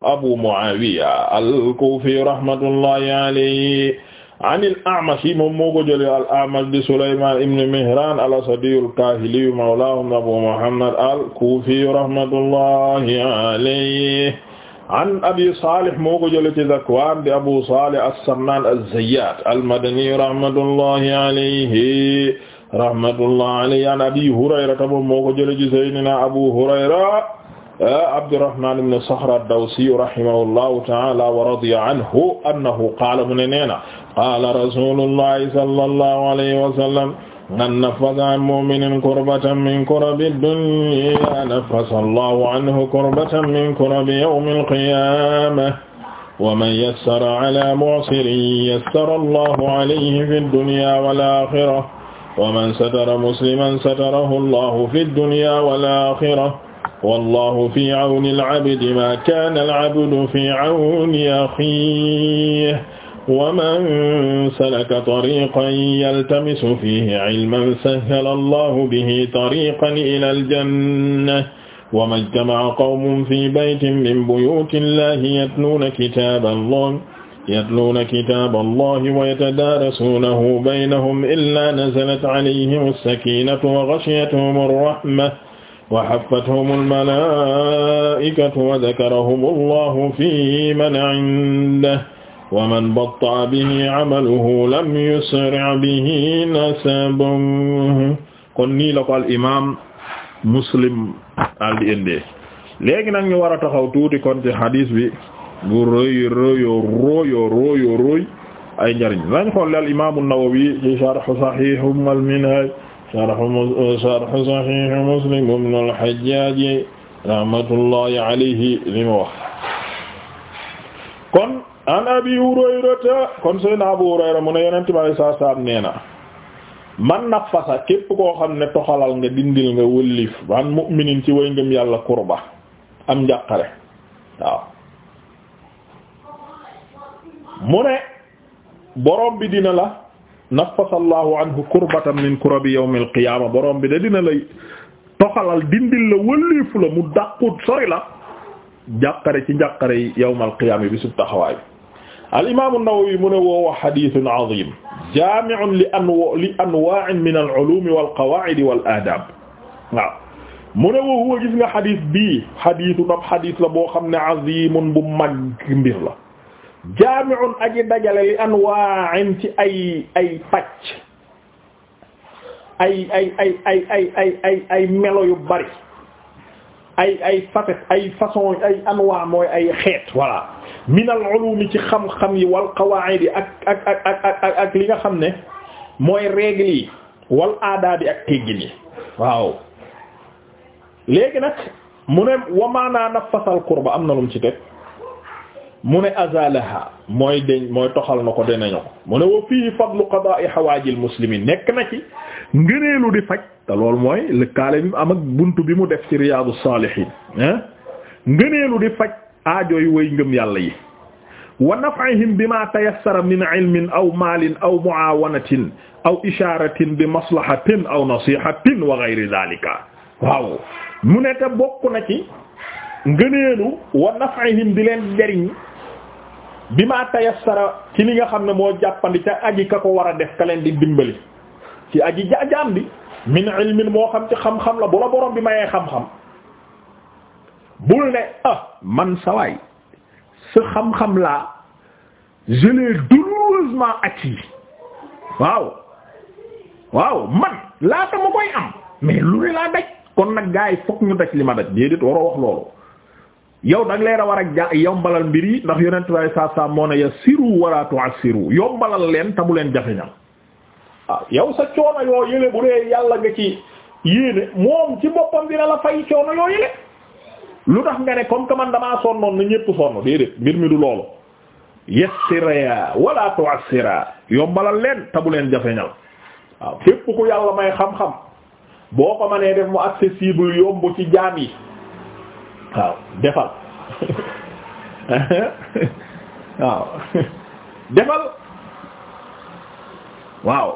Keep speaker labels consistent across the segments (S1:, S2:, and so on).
S1: abu muawiya al-kufi rahmatullahi alayhi an al-a'mash moom moo ko jëlee al-a'mash di sulayman ibn mihran al-asadi al-kahili mawlahum abu muhammad al-kufi rahmatullahi alayhi an abi salih moo ko jëlee ci zakwan di abu salih as-samman az-zayyat al-madani rahmatullahi alayhi rahmatullahi alayhi an abi hurayrata moom moo ko jëlee ci sayyidina abu hurayra Abdurrahman ibn Sakhr ad-Dawsi rahimahullahu ta'ala wa radiya anhu annahu qaala mu ne neena qaala rasulullahi sallallahu alayhi wa sallam man naffasa an mu'minin kurbatan min kurabi dunya naffasa Allahu anhu kurbatan min kurabi yawmil qiyaamah wa man yassara ala mu'sirin yassara Allahu alayhi fid dunya wal aakhirah wa man satara musliman satarahu Allahu fid dunya wal aakhirah wallahu fi awni al-abdi ma kana al-abdu fi awni akhihi wa man salaka tariqan yaltamisu fihi ilman sahhala allahu bihi tariqan ila al-janna wa ma ijtama'a qawmun fi baytin min buyuti llahi yatluuna kitaba allah yatluuna kitaba allah wa yatadarasuunahu baynahum illa nazalat alayhim as-sakinatu wa ghashiyatuhum ar-rahmah wa haffathum al-malaa'ikatu wa dhakarahum Allahu fi man 'indahu wa man batta'a bihi 'amaluhu lam yusri' bihi nasabuhu kon nii la ko al imaam Muslim aldi indee léegi nag ñu war a taxaw tuuti kon ci hadis bi bu rëy rëyo rëyo rëyo rëy ay njariñ lañ xool al imaam an-Nawawi ci sharh Sahih al-Minhaj sharh sahih Muslim ibn al-Hajjaj alayhi li mu wax kon an Abi Hurayrata kon Seydina Abu Hurayra mu ne Yonent bi sallallahu alayhi wa sallam na man nafasa képp koo xam ne toxalal nga dindil nga wëllif an mu'minin ci way ngëm yàlla kurba am njàqare waaw mu ne borom bi dina la naffasallahu anhu kurbatan min kurabi yawmil qiyaama borom bi da dina lay toxalal dindil la wëlleefu la mu dàqut sori la jàqare ci njàqare yi yawmal qiyaama bi sub taxawaay al imaamu Nawawi mu ne woowa xadiisun aziim jaami'un li anwa li anwaa'in min al uluumi wal qawaa'idi wal aadaab waaw mu ne woowu gis nga xadiis bii xadiisu nag xadiis la boo xam ne aziimun bu mag mbir la. jaami'un aji dajale li anwaa'in ci ay ay pàcc ay ay ay ay ay ay ay ay melo yu bari ay ay facette ay façon ay anwaa mooy ay xeet voilà min al ulum ci xam-xam yi wal qawaa'id yi ak ak ak ak ak li nga xam ne mooy règle yi wal aadaabi ak teggin yi waaw léegi nag mu ne wa maanaa nafasal qurba am na lum ci teg mu ne azalaha mooy deñ mooy toxal na ko danañu ko mu ne wa fii fadlu qada'i hawaajil muslimin nekk na ci ngëneelu di faj te loolu mooy lëkkaale bi am ak buntu bi mu def ci riyaadu saalihiin ah ngëneelu di faj aajo yi way ngëm yàlla yi wa bi ma tayassara min ilmin aw maalin aw mu'aawanatin aw ishaaratin bi maslahatin aw nasihatin wa ghayri dhalika waaw mu ne te bokk na ci ngëneelu wa naf'ihim di leen jariñ bi ma tayassara ci li nga xam ne moo jàppandi ca aji ka ko war a def ka leen di dimbali ci aji jaajaam bi min ilmin moo xam ci xam-xam la bu la borom bi mayee xam-xam bul ne ah man sawaay sa xam-xam laa je l'ai douloureusement acquis waaw waaw man laata koy am mais lu ne laa daj kon nag gaa yi fokk ñu daj li ma daj déedéet waroo wax loolu yow da nga leen a war ak ja yombalal mbir yi ndax yonent bi saa saa moo ne yassiru wala tu'assiru yombalal leen te leen jafeñal waaw ah, yow sa coono yoo yële bu dee yàlla nga ci yéene moom ci boppam dina la fay coono yoo yële lu tax nga ne comme que man damaa sonnoon na ñépp sonn déedéet mbir mi du loolu yassira wala tu'assira yombalal leen te leen jafeñal waaw képp ku yàlla may xam-xam boo ko mënee def mu accessible yomb ci jaam yi. waaw defal waaw defal waaw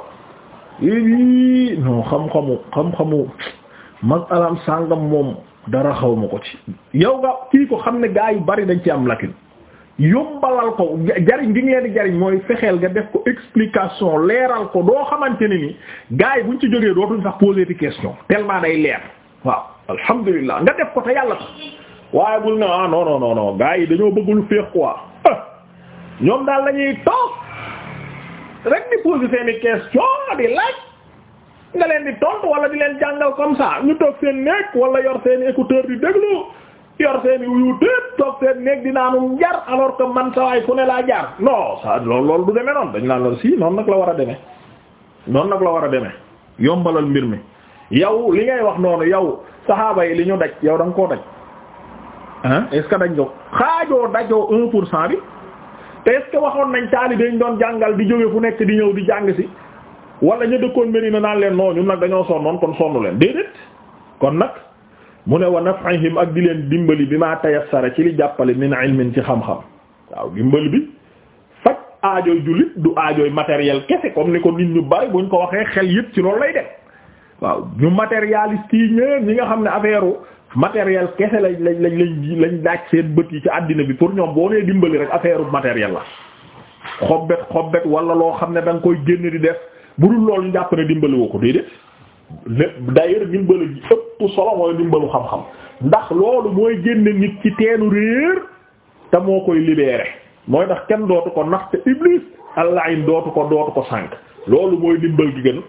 S1: xam-xamu xam-xamu mag alam sàngam moom dara xaw ma ko ci yow nga kii ko xam ne gaa yu bari dañ ci am lakin yombalal ko jariñ gi ngeen di jariñ mooy fexeel nga def ko explication leeral ko doo xamante ne ni gaa yi buñ ci jógee dootuñ sax poser des questions tellement day leer waaw alhamdulillah nga def ko te yàlla tax waaye bul ne ah non non non non gars yi dañoo bëggul féex quoi ah, ñoom daal dañuy toog rek di poser seeni question di laaj nga leen di tontu wala di leen jàngal comme ça ñu toog seen néeg wala yor seeni écouteur di déglu yor seeni YouTube toog seen néeg di naanum jar alors que man sawaay fu ne laa jaar non ça loolu loolu du demee noonu dañ naan loolu si noonu nag la war a demee noonu nag la war a deme yombalal mbir mi yow li ngay wax noonu yow saxaaba yi li ñu daj yow da koo daj est ce que dañ ko xaajoo dajoo un pour cent bi te est ce que waxoon nañ taalibe ñu doon jàngal di jóge fu nekk di ñëw di jàng si wala ñu dëkkoon Medina naan leen non ñun nag dañoo sonnoon kon sonnu leen déedéet kon nag mu ne wa naf'ihim ak di leen dimbali bi maa tayassara ci li jàppale min ilmin ci xam-xam waaw dimbali bi faj aajoy jullit du aajoy materiel kese comme ni ko nit ñu bari buñ ko waxee xel yëpp ci loolu lay dem waaw ñu matérialiste yi ñi nga xam ne affaire matériel kese lañ lañ lañ lañ lañ daaj seen bët yi ci àddina bi pour ñoom boo nee dimbali rek affaire matériel la xobbet xobbet wala loo xam ne danga nga koy génn di def bu dul loolu ñu jàpp ne dimbali woo ko déedéet d'ailleurs dimbali ji ëpp solo mooy dimbalu xam-xam ndax loolu mooy génne nit ci teenu réer te moo koy libéré mooy tax kenn dootu ko nax te iblis allah in dootu ko dootu ko sànk loolu mooy dimbal gi gën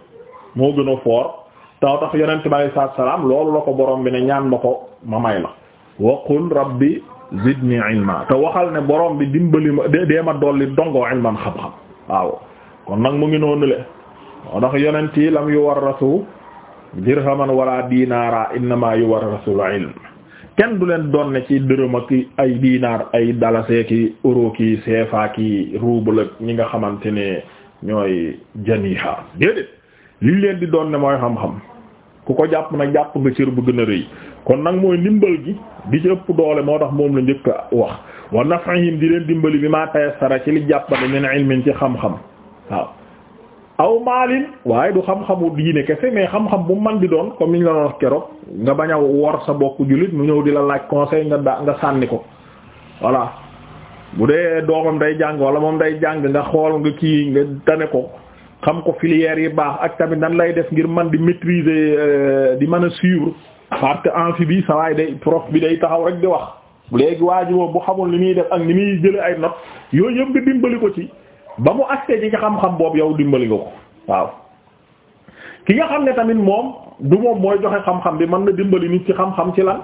S1: moo gën a fort taw tax yonent bi alayhi salaam loolu la ko borom bi ne ñaan ma ko ma may la waqul rabbi zidni ilma te waxal ne borom bi dimbali ma dee ma dolli dongoo ilman xam-xam waaw kon nag mu ngi noonu le taw tax yonent yi lam yuwarrasu dirhaman wala dinaara innama yuwarrasul ilm kenn du leen doon ne ci dërëm ak ay dinaar ay dalase ki euro ki CFA ki ñi nga xamante ne ñooy janiha déedéet liñ leen di doon ne mooy xam-xam ku ko jàpp nag jàpp nga cër bu gën a rëy kon nag mooy ndimbal gi di ci ëpp doole moo tax moom la njëkk a wax wa naf'ihim di leen dimbali bi maa ci li jàppale min ilmin ci xam-xam waaw aw maalin waaye du xam-xamu diine kese mais xam-xam bu man di doon comme niñ la doon wax keroog nga bañ a wor sa bokk jullit mu ñëw di la laaj conseil nga da nga sànni ko voilà bu dee doomam day jàng wala moom day jàng nga xool nga kii nga tane ko xam ko filière yi baax ak tamit nan lay def ngir man di maîtriser euh, di mën a suivre parce que amphi bi sa waay day prof bi day taxaw rek di wax léegi waa ji moom bu xamul ni muy def ak ni muy jële ay notes yooyu yëpp nga dimbali ko ci ba mu accès ci nga xam-xam boobu yow dimbali nga ko waaw ki nga xam ne tamit moom du moom mooy joxe xam-xam bi mën na dimbali nit ci xam-xam ci lan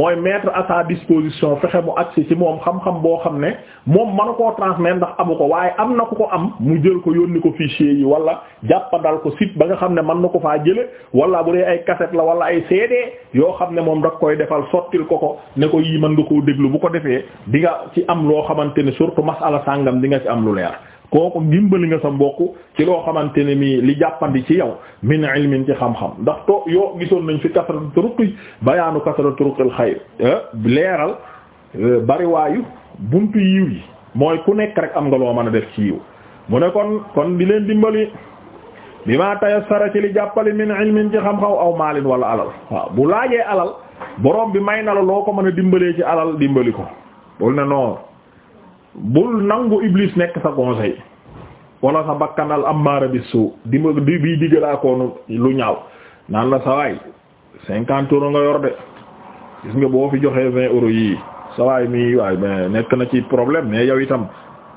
S1: mooy mettre à sa disposition fexe mu accès ci moom xam-xam boo xam ne moom manu koo transmettre ndax amu ko waaye am na ku ko am mu jël ko yónni ko fichier yi wala jàppandal ko sit ba nga xam ne mën na ko faa jële wala bu dee ay cassette la wala ay CD yoo xam ne moom da koy defal sottil ko ko ne ko yii mën nga koo déglu bu ko defee di nga ci am loo xamante ne surtout masala sàngam di nga am lu leer kooku dimbali nga sa mbokk ci loo xamante ne mi li jàppandi ci yow min ilmin ci xam-xam ndax to yoo gisoon nañ fi kasratu turuqi bayaanu kasratu turuqil xayr eh, leeral eh, bariwaayu buntu yiw yi mooy ku nekk rek am nga loo mën a def ci yiw mu ne kon kon di leen dimbali bi ma tayassara ci li jàppali min ilmin ci xam-xam aw maalin wala alal waaw bu laajee alal borom bi may na la loo ko mën a dimbalee ci alal dimbali ko bul ne noonu bul nangu iblis nekk sa conseil wala sa bakkanal am bi suu di ma di bi diggalaakoonu lu ñaaw naan la sawaay cinquante euros nga yor de gis nga boo fi joxee vingt euros yii sawaay mi waay mais nekk na ci problème mais yow itam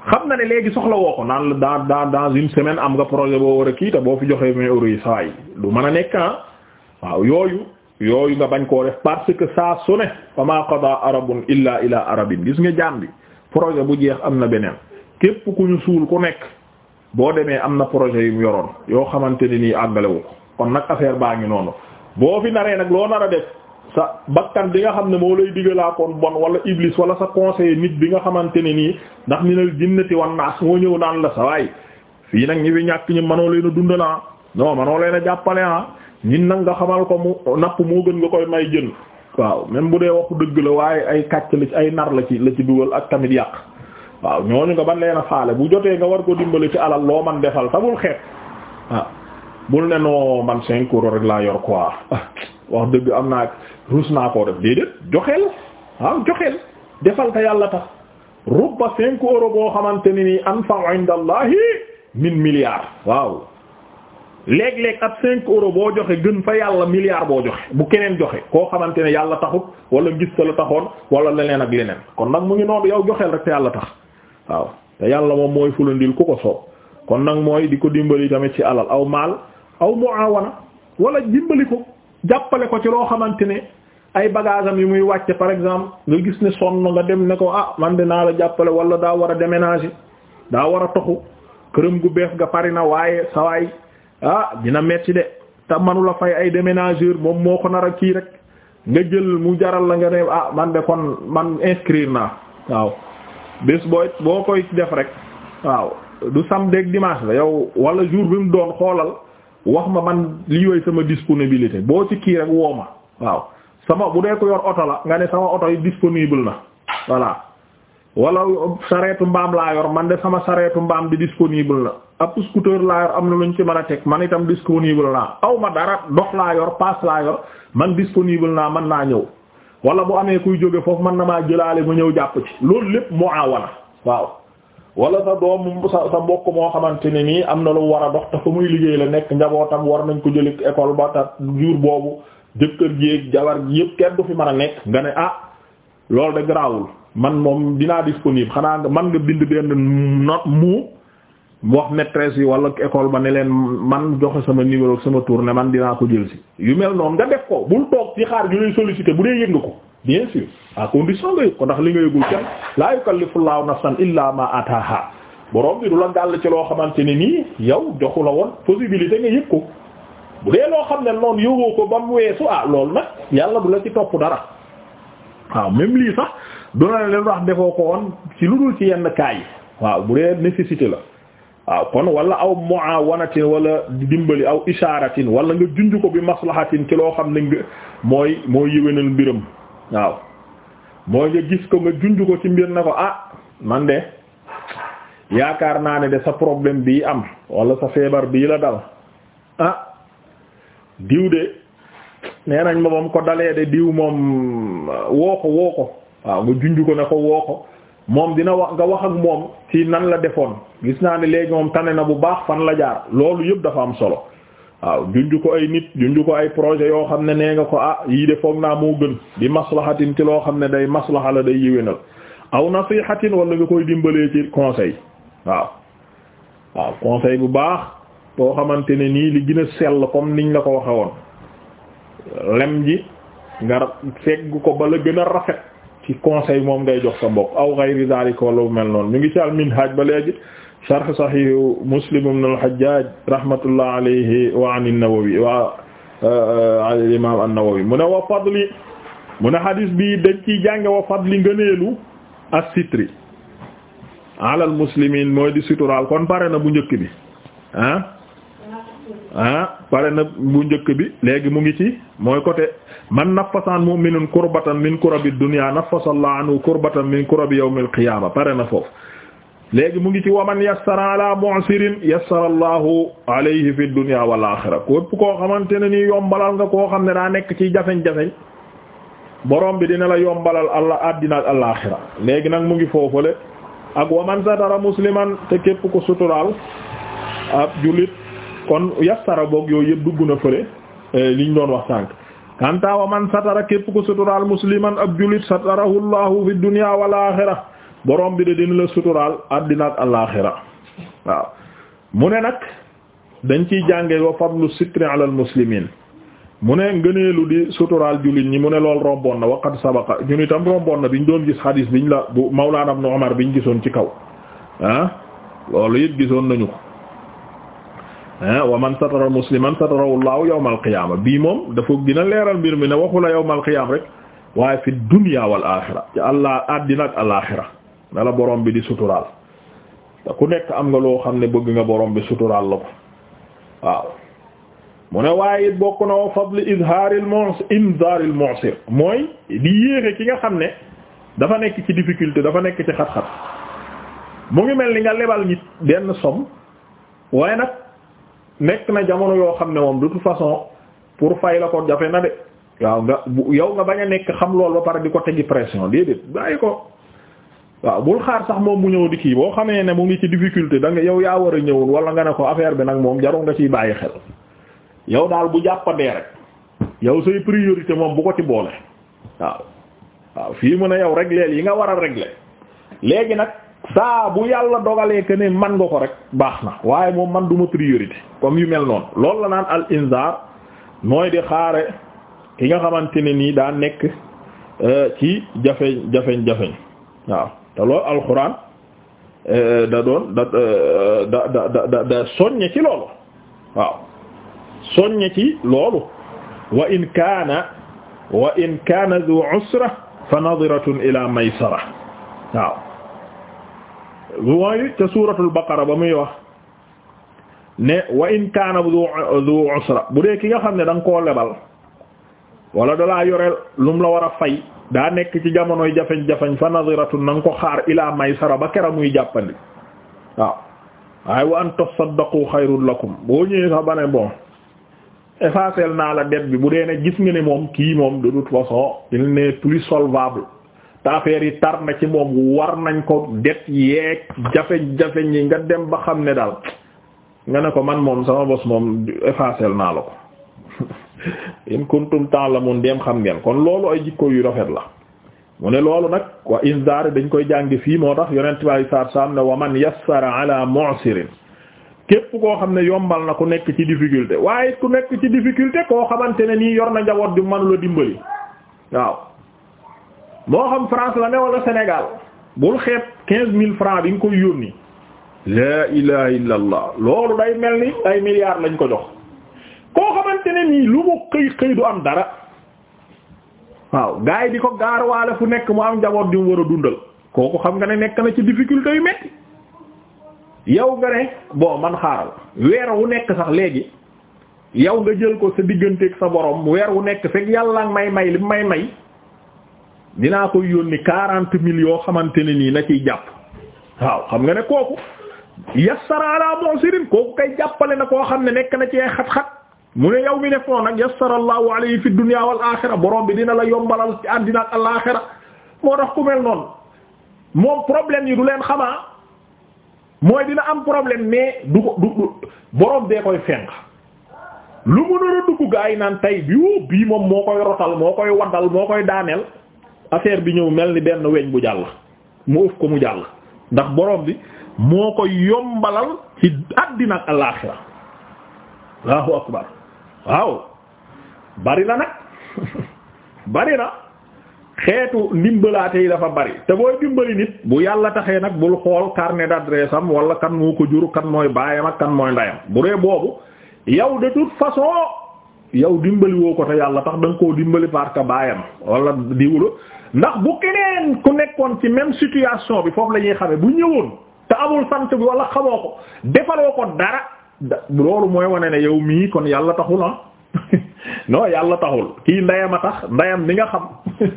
S1: xam na ne léegi soxla woo ko naan la dans dans dans une semaine am nga projet boo war a kii te boo fi joxee vingt euros yi sawaay du mën a nekk ah waaw yooyu yooyu nga bañ koo def parce que saa su ne fa ma qada arabun illa ila arabin gis nga jaam bi projet bu jeex am na beneen képp ku ñu suul ku nekk boo demee am na projet yu mu yoroon yoo xamante ne nii àggalewu ko kon nag affaire baa ngi noonu boo fi naree nag loo nar a def sa bakkan bi nga xam ne moo lay digalaakoon bon wala iblis wala sa conseiller nit bi nga xamante ne nii ndax ni nal jinnati wan naas moo ñëw naan la sa waay fii nag ñi fi ñàkk ñi manoo leen a dunda naa ah. non manoo leen a jàppale ah ñin nag nga xamal ko mu napp moo gën nga koy may jën waaw même bu dee waxu dëgg la waaye ay kàcc la ci ay nar la ci la ci dugal ak tamit yàq waaw ñooñu nga ban leen a faale bu jotee nga war ko dimbali ci alal loo man defal ta bul xeet waaw bul ne man cinq euros rek laa yor quoi wax dëgg am naa ruus naa koo def déedéet joxeel waaw joxeel defal te yàlla tax rubba cinq euros boo xamante ni nii anfa'u inda allahi min milliard waaw léeg-léeg at cinq euros boo joxe gën fa yàlla milliard boo joxe bu keneen joxe koo xamante ne yàlla taxut wala gis ta la taxoon wala leneen ak leneen kon nag mu ngi noonu yow joxeel rek te yàlla tax waaw te yàlla moom mooy fulandil ku ko soob kon nag mooy di ko dimbali tamit ci alal aw maal aw muawana wala dimbali ko jàppale ko ci loo xamante ne ay bagage am yi muy wàcce par exemple nga gis ne sonn nga dem ne ko ah man de naa la jàppale wala daa war a déménager daa war a toxu këram gu bees nga pari na waaye sawaay ah dina metti de te manula fay ay déménageur moom moo ko nara kii rek nga jël mu jaral la nga ne ah man de kon man inscrire naa waaw bés booy boo koy def rek waaw du samedi ak dimanche la yow wala jour bi mu doon xoolal wax ma man lii way sama disponibilité boo ci kii rek woo ma waaw sama bu dee ko yor oto la nga ne sama oto yi disponible na voilà wala sareetu mbaam laa yor man de sama sareetu mbaam bi disponible na ab scooter laa yor am na luñ ci mën a teg man itam disponible naa aw ma dara dox laa yor paas laa yor man disponible naa man naa ñëw wala bu amee kuy jóge foofu man na maa jëlaale mu ñëw jàpp ci loolu lépp mu aawana waaw wala sa doom sa sa mbokk moo xamante ne nii am na lu war a dox te fa muy liggéey la nekk njabootam war nañ ko jëli école ba ta jour boobu jëkkër ji ak jabar yëpp kenn du fi mën a nekk nga ne ah loolu de garaawul man moom dinaa disponible xanaa nga man nga bind benn note mu wax maîtresse yi wala école ba ne leen man joxe sama numéro sama tour ne man dinaa ko jël si yu mel noonu nga def ko bul toog ci xaar ñu lay solliciter bu dee yëg nga ko bien sûr à condition nga yëg ko ndax li nga yëgul kenn laa yukallifullahu nafsan illa ma ataha borom bi du la gàll ci loo xamante ne nii yow joxu la woon possibilité nga yëg ko bu dee loo xam ne noonu yëgoo ko ba mu weesu ah loolu nag yàlla du la ci topp dara waaw ah, duna leen wax defoo ko woon ci lu dul ci yenn kaay waaw bu dee nécessité la waaw kon wala aw muawanatin wala dimbali aw isharatin wala nga junj ko bi maslahatin ki loo xam ne nga mooy mooy yëwénal mbiram waaw mooy nga gis ko nga junj ko ci mbir na ko ah man de yaakaar naa ne de sa problème bii am wala sa feebar bii la dal ah diw de nee ma moom ko dalee de diw moom woo ko woo ko waaw nga junj ko ne ko woo ko moom dina wax nga wax ak moom ci nan la defoon gis naa ne léegi moom tane na bu baax fan la jaar loolu yëpp dafa am solo waaw junj ko ay nit junj ko ay projet yoo xam ne nee nga ko ah yii de foog naa moo gën di maslahatin ci loo xam ne day maslaha la day yiwénal aw na fii nasihatin wala nga koy dimbalee ci conseil waaw waaw conseil bu baax boo xamante ne nii li gën a sell comme niñ la ko waxe woon lem ji nga fegg ko ba gën a rafet ci conseil moom ngay jox sa mbokk aw ghayri dhalika wala mel noonu ñu ngi ci al-Minhaj ba léegi sharh Sahih Muslim ibn al-Hajjaj rahmatullah wa an an-Nawawi wa euh, mu ne wa fadli mu ne hadis bi dañ ciy jànge wa fadli ngëneelu as-sitri ala mooy di suturaal kon pare na bu njëkk bi ah ah pare na bu njëkk bi léegi mu ngi ci mooy côté man naffasa an mu'minin kurbatan min kurabi dunya naffasa Allah anhu kurbatan min kurabi yawmil qiyaama pare na foofu léegi mu ngi ci waman yassara ala mu'sirin yassara Allahu alayhi fi dunya wal axira képp koo xamante ne ni yombalal nga koo xam ne daa nekk ci jafeñ-jafeñ borom bi dina la yombalal allah addina ak alaaxira léegi nag mu ngi foofale ak waman satara musliman te képp ko suturaal ab jullit kon yassara boog yooyu yëpp dugg na fële eh, liñ doon wax sànq kanta man satara képp ko suturaal musliman ab julit satarahu llahu fi dunya wal axira borom bi de dina la suturaal addina ak alaaxira waaw mu ne nag dañ ciy jàngee wa fadlu sitri ala al mu ne ngëneelu di suturaal jullit ñi mu ne lool romboon na waqad sabaqa ñun itam romboon na bi biñ doon gis xadiis biñ la bu Mawlaana Ibn Umar ñu gisoon ci kaw ah? loolu it gisoon nañu ko Eh, wa man satara musliman satarahu Allahu yawmal qiyaama bii moom dafa gën leeral mbir mi ne waxu la yawmal qiyaam rek waaye fi dunya wal axira ci allah addina ak alaaxira ne la borom bi di suturaal te ku nekk am nga loo xam ne bëgg nga borom bi suturaal la ko waaw mu ne waaye it bokk na wa fadli izhaaril mu'sir inzaaril mu'sir ki nga xam ne dafa nekk ci dafa nekk ci xat mu ngi mel ni nga lebal nit benn somme waaye nag nekk na jamono yoo xam ne moom de toute façon pour fay la ko jafe na de waaw nga yow nga bañ a nekk xam loolu ba pare di ko tegi pression déedéet bàyyi ko waaw bul xaar sax moom mu ñëw di kii boo xamee ne mu ngi ci difficulté danga yow yaa war a ñëwoon wala nga ne ko affaire bi nag moom jarul nga ciy bàyyi xel yow daal bu jàppandee rek yow say priorité moom bu ko ci boole waaw waaw fii mu a yow régler yi nga war a régler léegi nag saa bu yàlla dogalee que ne man nga ko rek baax na waaye moom man du ma priorité comme yu mel noon loolu la naan al inzar mooy di xaare ki nga xamante ne nii daa nekk euh, ci jafeñ jafeñ jafeñ waaw te loolu alxuraan euh, da doon euh, da da da da soññe ci loolu waaw soññe ci loolu wa kaana wa in kaana zu usra fa nadiratun ila maysara waaw mooy ca suuratul baqara ba muy wax ne wa in kaana du du usra bu dee ki nga xam ne da nga koo lebal wala dalaa yoreel lum la war a fay daa nekk ci jamonoy jafeñ-jafeñ fa nadiratun na ko xaar may maysara ba kera muy jàppandi waaw waaye wa an tasaddaqu xayrun lakum boo ñëwee sax ba ne bon effacer naa la dette bi bu dee ne gis nga ne moom kii moom de toute façon il n'est plus solvable te affaire yi tar na ci moom war nañ ko det yeeg jafe-jafe ñi nga dem ba xam ne daal nga ne ko man moom sama bos moom effacel naa la ko in la ta'lamun dem xam ngeen kon loolu ay jikko yu rafet la mu ne loolu nag wa inzar dañ koy jàngi fii moo tax yonent baay saar saam ne wa man yassara ala mu'sirin képp koo xam ne yombal na ku nekk ci difficulté waaye ku nekk ci difficulté koo xamante ne nii yor na njaboot bi mënula dimbali waaw moo xam France la ne walla Sénégal bul xeeb quinze mille francs bi nga koy yónni laa ilaha illa allah loolu day mel ni ay milliards lañ ko jox koo xamante ne nii lu mu xëy xëy du am dara waaw gars yi di ko gaarwaale fu nekk mu am njaboot di mu war a dundal kooku xam nga ne nekk na ci difficulté yu metti yow nga ne bon man xaaral weer wu nekk sax léegi yow nga jël ko sa digganteeg sa borom weer wu nekk fekk yàlla may may li may may dinaa koy yónni quarante mille yoo xamante ne nii na ciy jàpp waaw xam nga ne kooku yassara ala mu'sirin kooku kay jàppale na koo xam ne nekk na ci ay xat mu ne yow mi def noonu nag yassara allahu fi dunya wal axira bi dina la yombalal ci àddina ak alaaxira moo tax ku noonu moom problème yi du leen xamaa mooy dina am problème mais du ko du borom dee koy fenk lu mu nar a dugg gaa yi naan tey bii bii moom moo koy rotal moo moo koy daaneel. affaire bi ñëw mel ni benn weñ bu jàll mu ëf ko mu jàll ndax boroom bi moo ko yombalal ci àddina ak alaaxira allahu akbar waaw bari na nag bari na xeetu ndimbalaate yi dafa bari te booy dimbali nit bu yàlla taxee nag bul xool carnet d'adresse am kan moo ko juru kan mooy baayam ak kan mooy ndayam bu dee boobu yow de toute façon yow dimbali woo ko te yàlla tax da nga koo dimbali parce baayam wala diwlo ndax bu keneen ku nekkoon ci même situation bi foofu la ñuy xamee bu ñëwoon te amul sant bi wala xamoo ko defaloo ko dara loolu mooy wane ne yow mii kon yàlla taxu ah yàlla taxul kii ndeyam a tax ndeyam ni nga xam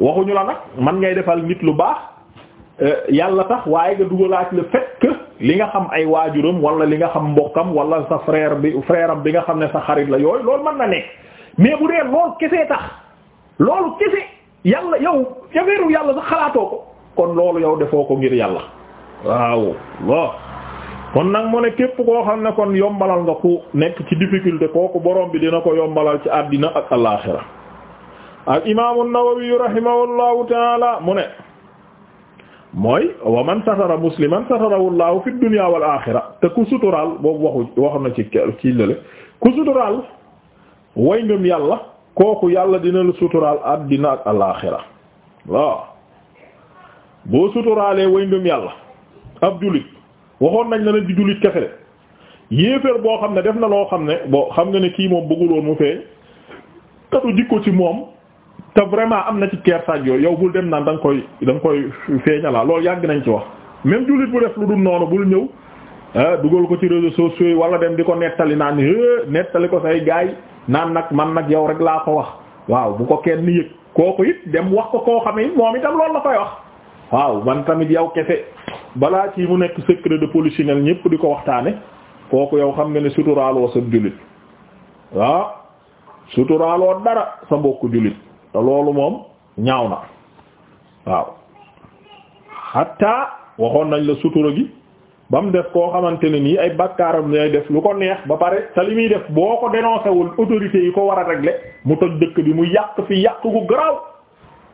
S1: waxuñu la nag man ngay defal nit lu baax euh, yàlla tax waaye nga dugalaat le fait que li nga xam ay waajuram wala li nga xam mbokkam wala sa frère bi frère bi nga xam ne sa xarit la yooyu loolu mën na nekk mais bu dee loolu kese tax loolu yàlla yow yafeeru yàlla sax xalaatoo ko kon loolu yow defoo ko ngir yàlla waaw lo kon nag mu ne képp koo xam ne kon yombalal nga ku nekk ci difficulté kooku borom bi dina ko yombalal ci àddina ak alaaxira al imaamu an-Nawawi rahimahullahu taala mu ne mooy wa man satara musliman satarahu llahu fi dunya te ku suturaal boobu waxu wax na ci ci lële ku suturaal way ngëm yàlla kooku yàlla dina la suturaal àddina ak alaaxira waaw boo suturaalee way ngëm yàlla ab jullit waxoon nañ la ne di jullit kese de yéeféer boo xam ne def na loo xam ne boo xam nga ne kii moom bëgguloon mu feeñ te du jikko ci moom te vraiment am na ci kersaag yooyu yow bul dem naan da nga koy da nga koy feeñalaa loolu yàgg nañ ci wax même jullit bu def lu dul noonu bul ñëw ah, dugal ko ci réseaux sociaux yi wala dem di ko nettali naan eh, nettali ko say gaay naan nag man nag yow rek laa ko wax waaw bu ko kenn yëg kooku it dem wax ko koo xame it moom itam loolu la koy wax waaw man tamit yow kese balaa ci mu nekk secret de polichinelle ñëpp di ko waxtaane kooku yow xam nga ne suturaaloo sa jullit waaw suturaaloo dara sa mbokku jullit te loolu moom ñaaw na waaw hatta waxoon nañ la sutura gi ba mu def koo xamante ne nii ay bakkaaram lay def lu ko neex ba pare te li muy def boo ko dénoncé xewul autorité yi ko war a régler mu toj dëkk bi mu yàq fi yàq gu garaaw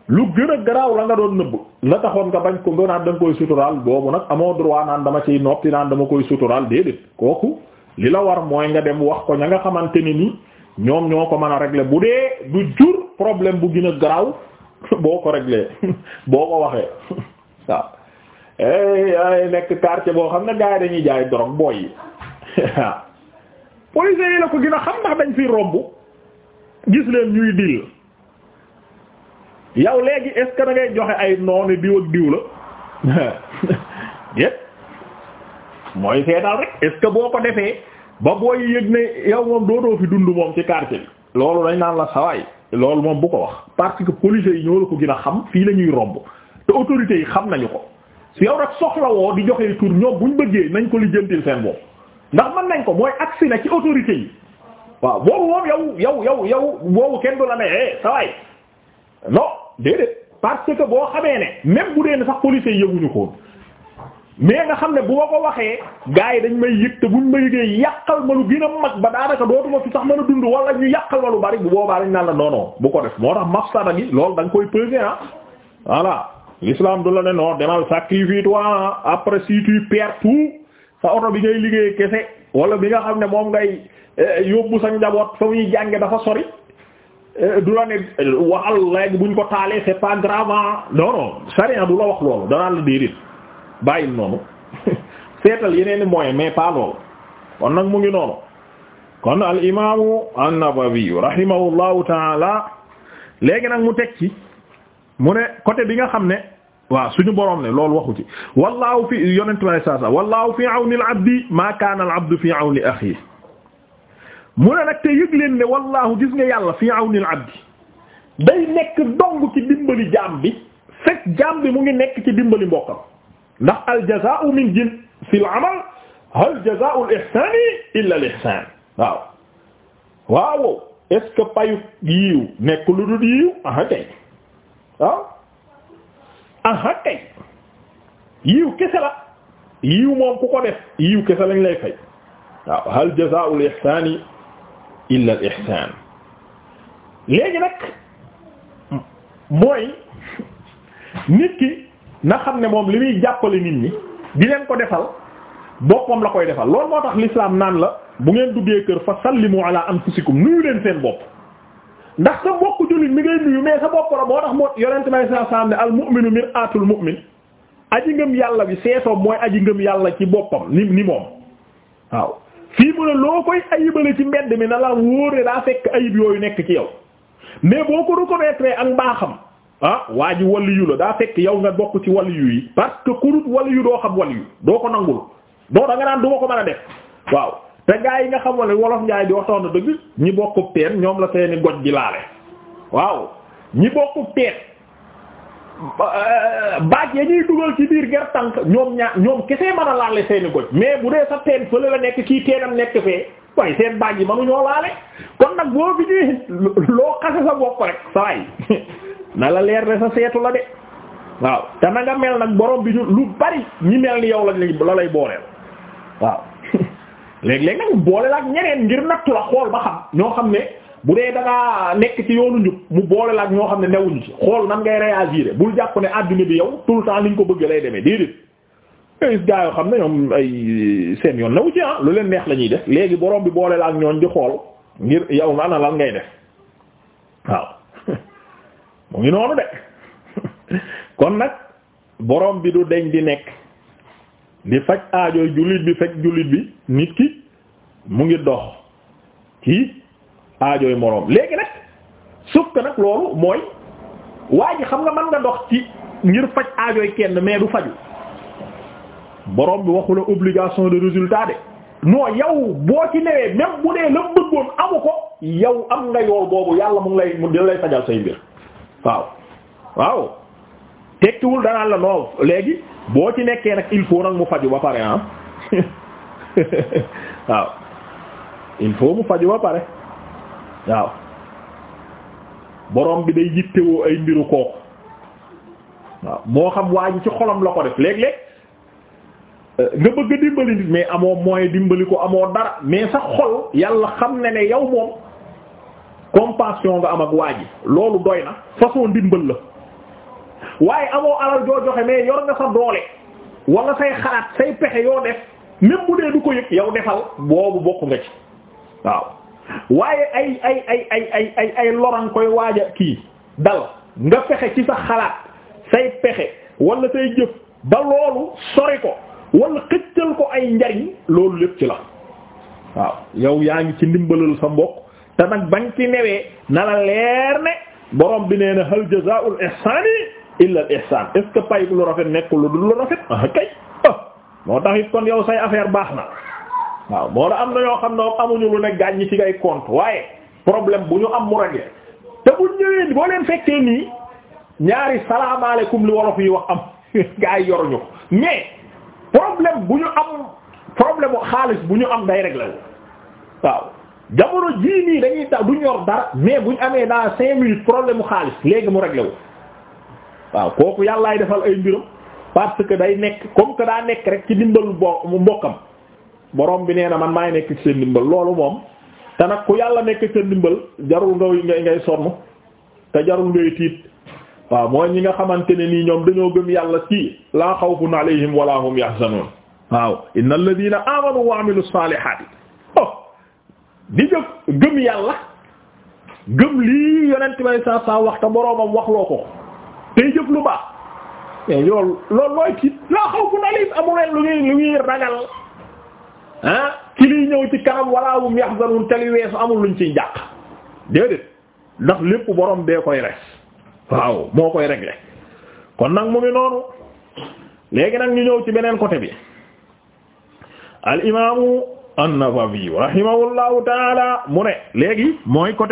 S1: lu gën a garaaw la nga doon nëbb la taxoon nga bañ ko nga naan da nga koy suturaal boobu nag amoo droit naan dama ciy noppi naan dama koy suturaal déedéet kooku li la war mooy nga dem wax ko ña nga xamante ne nii ñoom ñoo ko mën a régler bu dee du jur problème bu gën a garaaw boo ko régler ko waxee Eh, ay nekk quartier boo xam ne gars yi dañuy jaay drogue booy yi policiers yi la ko gën a xam ndax dañ fiy romb gis leen ñuy dil yow léegi est-ce joxe ay noonu diw ak diw la yépp mooy seetal rek est-ce que boo ko defee ba booy yëg ne yow moom doo fi dund moom ci quartier bi loolu dañ naan la sawaay loolu moom bu ko wax parce que policiers yi ñoo la ko gin a xam fii la ñuy romb te autorité yi xam nañu ko yow rek soxlawoo di joxee tur ñoom buñ bëggee nañ ko lijjantil seen bopp ndax man nañ ko mooy agsi na ci autorité yi waaw boobu moom yow yow yow yow boobu kenn du la ne eh sa waay non déedéet parce boo xamee ne même bu dee ne sax policiers yi yëguñu ko mais nga xam ne bu ma ko waxee gars yi dañ may yëg te buñ ma yëgee yàqal ma lu gën a mag ba daanaka dootuma fi sax ma a dund wala ñu yàqal ma lu bari bu boobaa dañ naan la non non bu ko def moo tax mafsada gi loolu da nga koy peser ah. voilà. l'islam du la ne non demal sacrifie toi après si tu perds tout sa oto bi ngay liggéey kese wala bi nga xam ne moom ngay eh, yóbbu sa njaboot fa muy jànge dafa sori eh, du la ne eh, waxal léegi buñ ko taalee c'est pas grave ah. non non sariya du la wax loolu danaa la déedéet noonu seetal yeneen i mais pas loolu kon nag mu ngi noonu kon al imaamu an-Nawawi rahimahullahu taala léegi nag mu teg ci. mu ne côté bi nga xam ne waaw suñu borom ne loolu waxu ci wallaahu fi yonent bi saa saa wallaahu fi awni al-abdi maa kaana al-abdu fi awni axi mu ne nag te yëg leen ne wallaahu gis nga yàlla fi awni al-abdi day nekk dong ci dimbali jaam bi fekk jaam bi mu ngi nekk ci dimbali mbokkam ndax al-jazaa'u min jinsil amal hal jazaa'u al-ihsaani illa al-ihsaan waaw waaw est-ce que payu yiiw nekk lu dul yiiw ah kay waaw ah? aha kay yiw kese la yiw moom ku ko def yiw kese lañ lay fay waaw hal jazaa'ul ihsaani illa al ihsaan léegi nag mooy nit ki na xam ne moom li muy jàppale nit ñi di leen ko defal boppam la koy defal loolu moo tax l'islam naan la bu ngeen duggee kër fa sallimu ala anfusikum nuyu leen seen bopp ndax sa bopp jullit mi ngay nuyu mais sa bopp la moo tax moo yonent may sa saam ne al mu'minu mir'atul mu'min aji ngëm yàlla bi seesoom mooy aji ngëm yàlla ci boppam ni ni moom waaw fii mu ne loo koy ayibale ci mbedd mi na la wóore daa fekk ayib yooyu nekk ci yow mais boo ko reconnaître ak mbaaxam ah waa ji waliyu la daa fekk yow nga bokk ci waliyu yi parce que kurut waliyu doo xam waliyu doo ko nangul doo da nga naan du ma ko mën a def waaw te gaa yi nga xam wala wolof njaay di waxtoon dëgg ñi bokku ñoom la seeni goj gi laale waaw ñi bokku teet euh, baaj ya ñuy dugal ci biir ger tànk ñoom ñaar ñoom kese mën a laale seeni goj mais bu dee sa teen fële la nekk kii teenam nekk fee waaye seen baaj yi manu ñoo laale kon nag boo fi ñuy loo xase sa bopp rek sawaay na la leer de sa seetu la de waaw te na mel nag borom bi ñu lu bari ñi mel ni yow la lay booleel waaw léeg-léeg nag boole la ak ñeneen ngir nattu la xool ba xam ñoo xam ne bu dee da nekk ci yoonu njub mu boole la ak ñoo xam ne newuñu ci xool nan ngay réagir bul jàpp ne adduna bi yow tout le temps liñ ko bëgg lay demee déedéet. Eh, gis gaa yoo xam ne ñoom ay seen yoon newu ci ah lu leen neex la ñuy def léegi borom bi boole la ak ñooñ di xool ngir yow na ana lan ngay def waaw mu ngi noonu de kon nag boroom bi du deñ di nekk di faj aajo jullit bi fekk jullit bi nit ki mu ngi dox ci. yi moroom léegi nag suuf nag loolu mooy waa ji xam nga mën nga dox ci ngir faj yi kenn mais du faju borom bi waxu la obligation de résultat de non yow boo ci newee même bu dee la bëggoon amu ko yow am nga yool boobu yàlla mu ngi lay mu dina lay fajal say mbir waaw waaw tekkiwul danaan la non léegi boo ci nekkee nag il faut nag mu faju ba pare ah waaw il faut mu faju ba pare waaw borom bi day yittewoo ay mbiru kooku waaw moo xam waa ji ci xolam la ko def léeg-léeg eh, nga bëgg a dimbali nit mais amoo moyen dimbali ko amoo dara mais sax xol yàlla xam ne ne yow moom compassion nga am ak waa ji loolu doy na façon dimbal la waaye amoo alal joo joxe mais yor nga sa doole wala say xalaat say pexe yoo def même dee du ko yëg yow defal boobu bokk nga ci waaw. waaye ay ay ay ay ay ay ay loran koy waaj kii dal nga fexe ci sa xalaat say pexe walla say jëf ba loolu sori ko wala xëccal ko ay njariñ loolu lépp ci la waaw yow yaa ngi ci ndimbalal sa mbokk te nag bañ ci newee na la leer ne borom bi nee na hal jazaa'ul ihsaani illa al ihsaan est ce que lu rafet nekkul lu du lu rafet ah kay ah, moo tax it kon yow say affaire baax na waaw moo la am na ñoo xam ne amuñu lu ne ñi ci ay compte waaye problème bu ñu am mu régler te bu ñëwee boo leen fekkee nii ñaari salaamaaleykum li wolof yi wax am gaa yi yoruñu ko mais problème bu ñu am problème bu xaalis bu ñu am day régler wu waaw jamono jii nii dañuy taw du ñor dara mais bu ñu amee naa cinq minutes problème mu xaalis léegi mu réglé wu waaw kooku yàlla yàllaay defal ay mbiram parce que day nekk comme que daa nekk rek ci dimbalu mbo mbokkam borom bi nee na man maay nekk ci seen ndimbal loolu moom te nag ku yàlla nekk seen ndimbal jarul ngay ngay ngay sonn te jarul ngay tiit waaw mooy ñi nga xamante ne nii ñoom dañoo gëm yàlla ci laa xawfun alayhim wala hum yahzanun waaw innal ladina amanu wa amilu salihati oh di jóg gëm yàlla gëm lii yonent bay saa saa wax te boroomam waxloo ko tey jëf lu baax mais loolu looy tiit laa xawfun alayhim amuleen lu ñuy lu ñuy ragal ah ci liy ñëw ci kanam wala wum yahzanun teli weesu amul luñ ciy jàq déedéet ndax lépp borom bee koy res waaw moo koy régler kon nag mu ngi noonu léegi nag ñu ñëw ci beneen côté bi al imaamu an-Nawawi rahimahullahu mu ne léegi mooy côté